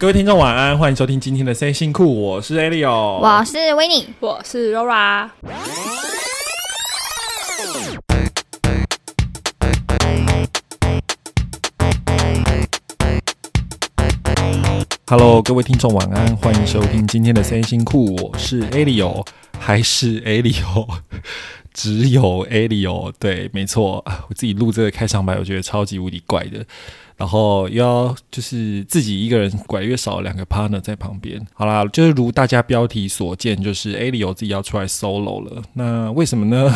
各位聽眾晚安，歡迎收聽今天的三星酷，我是 Elio，、e、我是 Winnie 我是 Lora。Hello，各位聽眾晚安，歡迎收聽今天的三星酷，我是 Elio，、e、還是 Elio？、E、 只有 Elio，、e、對，沒錯、啊、我自己錄這個開場白，我覺得超級無敵怪的。然後又要就是自己一個人拐，越少兩個 partner 在旁邊。好啦，就是如大家標題所見，就是 Elio、欸、我自己要出來 solo 了。那為什麼呢？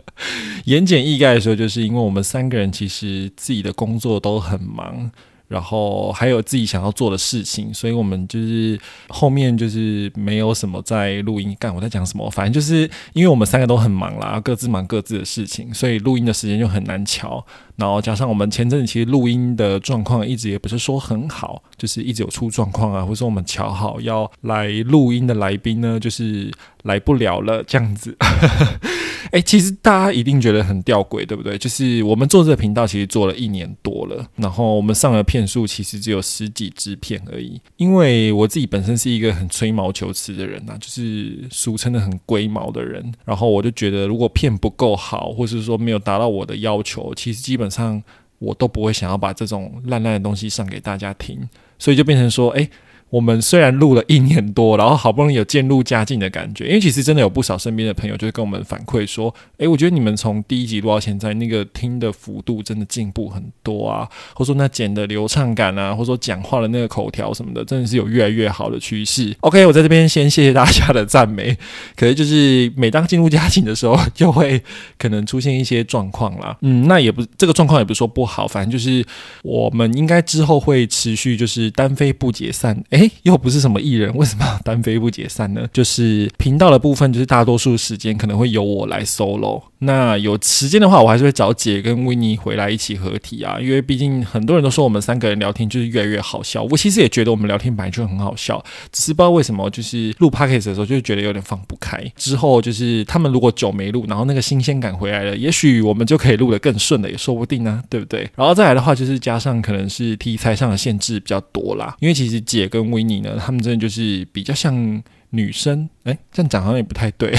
言簡意賅的說，就是因為我們三個人其實自己的工作都很忙。然後還有自己想要做的事情，所以我們就是後面就是沒有什麼在錄音，幹我在講什麼？反正就是因為我們三個都很忙啦，各自忙各自的事情，所以錄音的時間就很難調。然後加上我們前陣子其實錄音的狀況一直也不是說很好，就是一直有出狀況啊，或者說我們調好要來錄音的來賓呢，就是。來不了了，這樣子。誒、 欸。其實大家一定覺得很吊詭，對不對？就是我們做這個頻道，其實做了一年多了，然後我們上的片數其實只有十幾支片而已。因為我自己本身是一個很吹毛求疵的人吶、啊，就是俗稱的很龜毛的人。然後我就覺得，如果片不夠好，或是說沒有達到我的要求，其實基本上我都不會想要把這種爛爛的東西上給大家聽。所以就變成說，誒、欸。我們雖然錄了一年多，然後好不容易有漸入佳境的感覺，因為其實真的有不少身邊的朋友就會跟我們反饋說：“哎，我覺得你們從第一集錄到現在，那個聽的幅度真的進步很多啊！”或說“那剪的流暢感啊，或者說講話的那個口條什麼的，真的是有越來越好的趨勢。”OK，我在這邊先謝謝大家的讚美。可是就是每當進入佳境的時候，就會可能出現一些狀況啦。嗯，那也不，這個狀況也不是說不好，反正就是我們應該之後會持續就是單飛不解散。誒又不是什麼藝人，為什麼單飛不解散呢？就是頻道的部分，就是大多數時間可能會由我來 solo。那有時間的話，我還是會找姐跟維尼回來一起合體啊，因為畢竟很多人都說我們三個人聊天就是越來越好笑。我其實也覺得我們聊天本來就很好笑，只是不知道為什麼，就是錄 podcast 的時候就覺得有點放不開。之後就是他們如果久沒錄，然後那個新鮮感回來了，也許我們就可以錄得更順了，也說不定呢、啊，對不對？然後再來的話，就是加上可能是題材上的限制比較多啦，因為其實姐跟維尼呢，他們真的就是比較像女生，哎、欸，這樣講好像也不太對。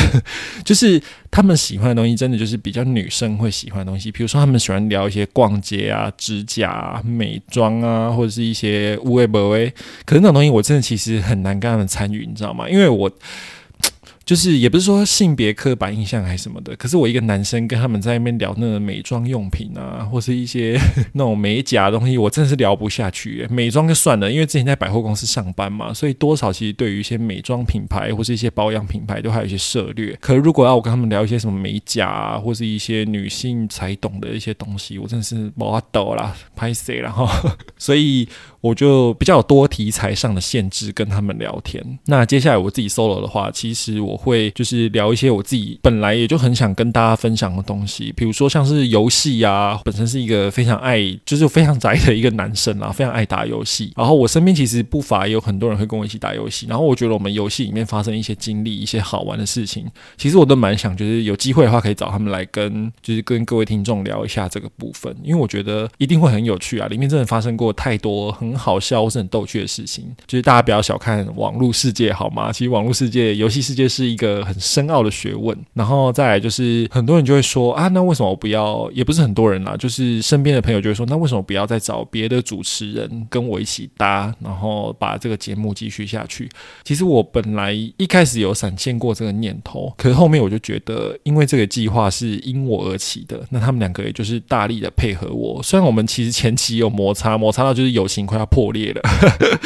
就是他們喜歡的東西，真的就是比較女生會喜歡的東西，比如說他們喜歡聊一些逛街啊、指甲、啊、美妝啊，或者是一些烏龜、寶貝。可能那種東西，我真的其實很難跟他們參與，你知道嗎？因為我。就是也不是說性別刻板印象還是什麼的，可是我一個男生跟他們在那邊聊那個美妝用品啊，或是一些那種美甲的東西，我真的是聊不下去耶。美妝就算了，因為之前在百貨公司上班嘛，所以多少其實對於一些美妝品牌或是一些保養品牌都還有一些涉獵。可是如果要我跟他們聊一些什麼美甲啊，或是一些女性才懂的一些東西，我真的是無法度啦，拍謝，然後，所以我就比較有多題材上的限制跟他們聊天。那接下來我自己 solo 的話，其實我。會就是聊一些我自己本來也就很想跟大家分享的東西，比如說像是遊戲啊，本身是一個非常愛就是非常宅的一個男生啊，非常愛打遊戲。然後我身邊其實不乏有很多人會跟我一起打遊戲，然後我覺得我們遊戲裡面發生一些經歷、一些好玩的事情，其實我都蠻想，就是有機會的話可以找他們來跟，就是跟各位聽眾聊一下這個部分，因為我覺得一定會很有趣啊，裡面真的發生過太多很好笑或是很逗趣的事情，就是大家不要小看網絡世界好嗎？其實網絡世界、遊戲世界是。一個很深奧的學問，然後再來就是很多人就會說啊，那為什麼我不要？也不是很多人啦，就是身邊的朋友就會說，那為什麼不要再找別的主持人跟我一起搭，然後把這個節目繼續下去？其實我本來一開始有閃現過這個念頭，可是後面我就覺得，因為這個計劃是因我而起的，那他們兩個也就是大力的配合我。雖然我們其實前期有摩擦，摩擦到就是友情快要破裂了，呵呵，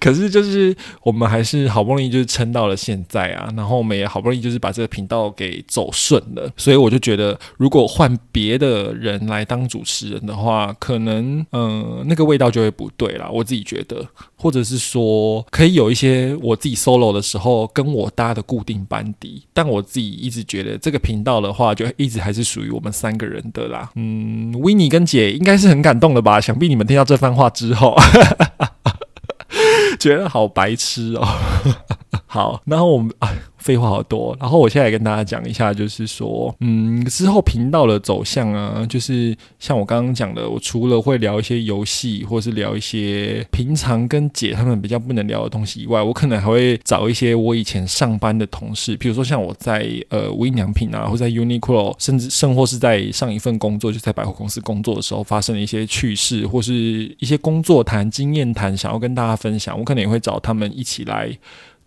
可是就是我們還是好不容易就是撐到了現在啊，然後。我們也好不容易就是把這個頻道給走順了，所以我就覺得，如果換別的人來當主持人的話，可能嗯，那個味道就會不對啦。我自己覺得，或者是說可以有一些我自己 solo 的時候跟我搭的固定班底，但我自己一直覺得這個頻道的話，就一直還是屬於我們三個人的啦。嗯，維尼跟姐應該是很感動的吧？想必你們聽到這番話之後， 覺得好白痴哦，喔。好，然後我們啊，廢話好多。然後我現在來跟大家講一下，就是說，嗯，之後頻道的走向啊，就是像我剛剛講的，我除了會聊一些遊戲，或是聊一些平常跟姐她們比較不能聊的東西以外，我可能還會找一些我以前上班的同事，比如說像我在呃無印良品啊，或者在 Uniqlo，甚至甚或是在上一份工作就在百貨公司工作的時候發生了一些趣事，或是一些工作談經驗談，想要跟大家分享，我可能也會找他們一起來。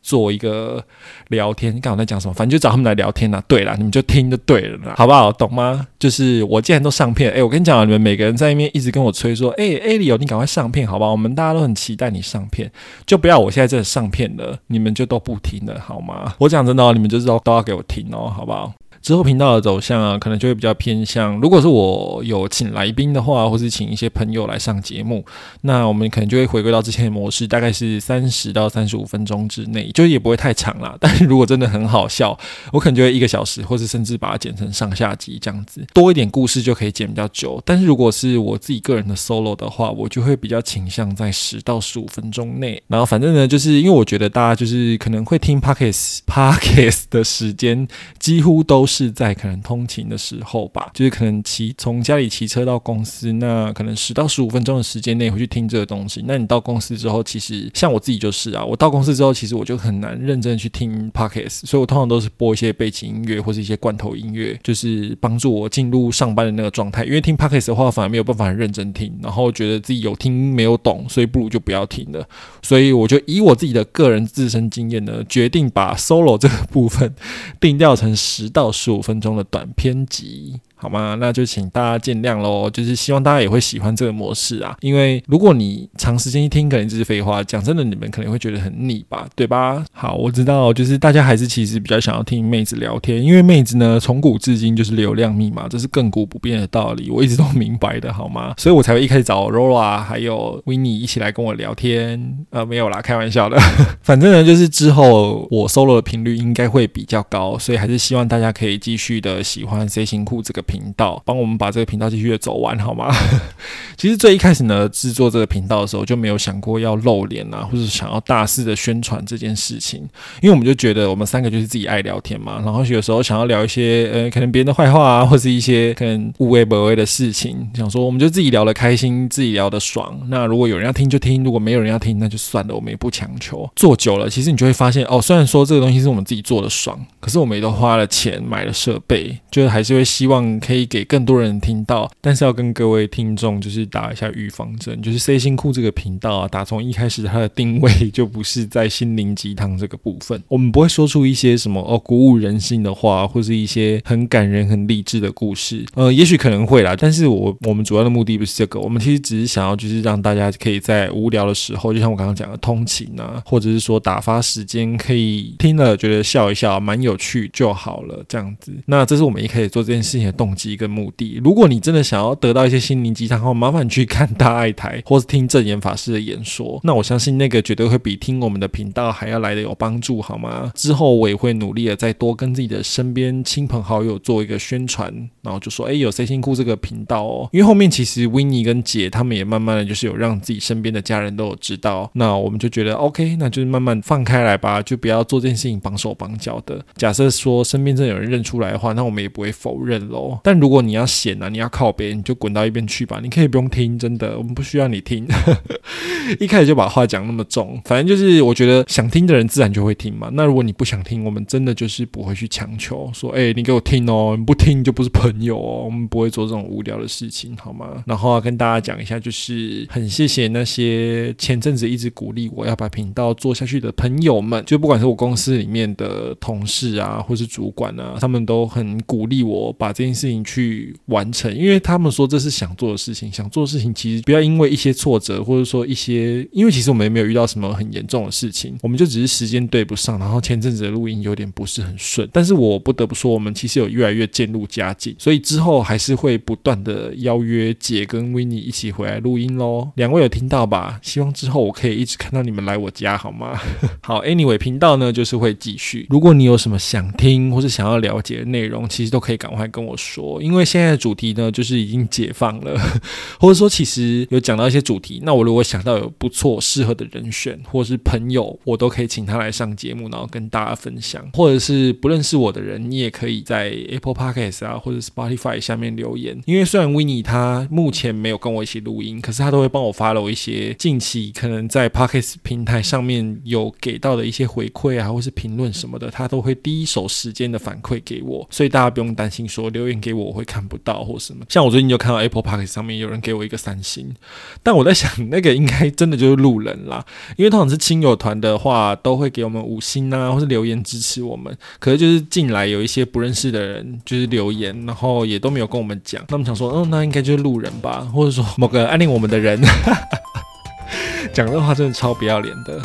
做一個聊天，你剛我在講什麼？反正就找他們來聊天啦、啊。對啦，你們就聽就對了，啦，好不好？懂嗎？就是我既然都上片，誒、欸，我跟你講，你們每個人在那邊一直跟我催說，誒、欸、哎，李、欸、友，ELIO，你趕快上片，好不好？我們大家都很期待你上片，就不要我現在在上片了，你們就都不聽了，好嗎？我講真的、哦，你們就是道都，都要給我聽哦，好不好？之後頻道的走向啊，可能就會比較偏向，如果是我有請來賓的話，或是請一些朋友來上節目，那我們可能就會回歸到之前的模式，大概是三十到三十五分鐘之內，就是也不會太長啦。但是如果真的很好笑，我可能就會一個小時，或是甚至把它剪成上下集這樣子，多一點故事就可以剪比較久。但是如果是我自己個人的 solo 的話，我就會比較傾向在十到十五分鐘內。然後反正呢，就是因為我覺得大家就是可能會聽 Podcast Podcast 的時間幾乎都是。是在可能通勤的時候吧，就是可能騎，從家裡騎車到公司，那可能十到十五分鐘的時間內回去聽這個東西。那你到公司之後，其實像我自己就是啊，我到公司之後，其實我就很難認真去聽 podcast。所以我通常都是播一些背景音樂或是一些罐頭音樂，就是幫助我進入上班的那個狀態。因為聽 podcast 的話，反而沒有辦法很認真聽，然後覺得自己有聽沒有懂，所以不如就不要聽了。所以我就以我自己的個人自身經驗呢，決定把 solo 這個部分定調成十到十。十五分鐘的短片集。好嗎？那就請大家見諒嘍。就是希望大家也會喜歡這個模式啊，因為如果你長時間一聽，可能就是廢話。講真的，你們可能會覺得很膩吧，對吧？好，我知道，就是大家還是其實比較想要聽妹子聊天，因為妹子呢，從古至今就是流量密碼，這是亘古不變的道理，我一直都明白的，好嗎？所以我才會一開始找 Rora 還有 Winny 一起來跟我聊天。呃，沒有啦，開玩笑的。 反正呢，就是之後我 solo 的頻率應該會比較高，所以還是希望大家可以繼續的喜歡 C 型褲這個頻道，幫我們把這個頻道繼續的走完好嗎？ 其實最一開始呢，製作這個頻道的時候就沒有想過要露臉啊，或者想要大肆的宣傳這件事情，因為我們就覺得我們三個就是自己愛聊天嘛，然後有時候想要聊一些呃，可能別人的壞話啊，或是一些可能無微不微的事情，想說我們就自己聊得開心，自己聊得爽。那如果有人要聽就聽，如果沒有人要聽那就算了，我們也不強求。做久了，其實你就會發現哦，雖然說這個東西是我們自己做的爽，可是我們也都花了錢買了設備，就是還是會希望。可以給更多人聽到，但是要跟各位聽眾就是打一下預防針，就是 C 星庫這個頻道啊，打從一開始它的定位就不是在心靈雞湯這個部分，我們不會說出一些什麼哦鼓舞人心的話，或是一些很感人、很勵志的故事。呃，也許可能會啦，但是我我們主要的目的不是這個，我們其實只是想要就是讓大家可以在無聊的時候，就像我剛剛講的通勤啊，或者是說打發時間，可以聽了覺得笑一笑，蠻有趣就好了這樣子。那這是我們一開始做這件事情的動。一個目的，如果你真的想要得到一些心靈雞湯的話，麻煩去看大愛台，或是聽證嚴法師的演說。那我相信那個絕對會比聽我們的頻道還要來的有幫助，好嗎？之後我也會努力的再多跟自己的身邊親朋好友做一個宣傳，然後就說：“哎，有誰辛苦這個頻道哦。”因為後面其實 Winnie 跟姐他們也慢慢的就是有讓自己身邊的家人都有知道。那我們就覺得 OK，那就是慢慢放開來吧，就不要做這件事情綁手綁腳的。假設說身邊真的有人認出來的話，那我們也不會否認嘍。但如果你要顯啊，你要靠別人，你就滾到一邊去吧。你可以不用聽，真的，我們不需要你聽。 一開始就把話講那麼重，反正就是我覺得想聽的人自然就會聽嘛。那如果你不想聽，我們真的就是不會去強求，說，哎，你給我聽哦，你不聽就不是朋友哦。我們不會做這種無聊的事情，好嗎？然後啊，跟大家講一下，就是很謝謝那些前陣子一直鼓勵我要把頻道做下去的朋友們，就不管是我公司裡面的同事啊，或是主管啊，他們都很鼓勵我把這件事。事情去完成，因為他們說這是想做的事情，想做的事情其實不要因為一些挫折，或者說一些，因為其實我們也沒有遇到什麼很嚴重的事情，我們就只是時間對不上，然後前陣子的錄音有點不是很順，但是我不得不說，我們其實有越來越漸入佳境，所以之後還是會不斷的邀約姐跟 Winnie 一起回來錄音嘍，兩位有聽到吧？希望之後我可以一直看到你們來我家，好嗎？ 好，Anyway，頻道呢就是會繼續，如果你有什麼想聽或是想要了解的內容，其實都可以趕快跟我說。說，因為現在的主題呢，就是已經解放了， 或者說其實有講到一些主題，那我如果想到有不錯適合的人選，或者是朋友，我都可以請他來上節目，然後跟大家分享。或者是不認識我的人，你也可以在 Apple Podcast 啊或者 Spotify 下面留言。因為雖然 Winnie 他目前沒有跟我一起錄音，可是他都會幫我發了我一些近期可能在 Podcast 平台上面有給到的一些回饋啊，或是評論什麼的，他都會第一手時間的反饋給我，所以大家不用擔心說留言。給我，我會看不到或什麼，像我最近就看到 Apple Park 上面有人給我一個三星，但我在想那個應該真的就是路人啦，因為通常是親友團的話都會給我們五星吶、啊，或是留言支持我們，可是就是進來有一些不認識的人就是留言，然後也都沒有跟我們講，那他們想說，嗯、哦，那應該就是路人吧，或者說某個暗戀我們的人，講這話真的超不要臉的。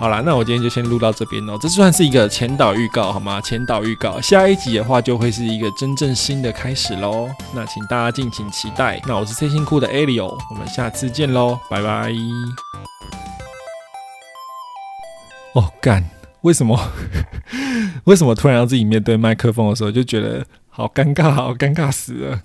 好啦，那我今天就先錄到這邊哦。這算是一個前導預告，好嗎？前導預告，下一集的話就會是一個真正新的開始嘍。那請大家敬請期待。那我是最心酷的 Elio，我們下次見嘍，拜拜。哦，幹，為什麼？為什麼突然要自己面對麥克風的時候就覺得好尷尬，好尷尬死了？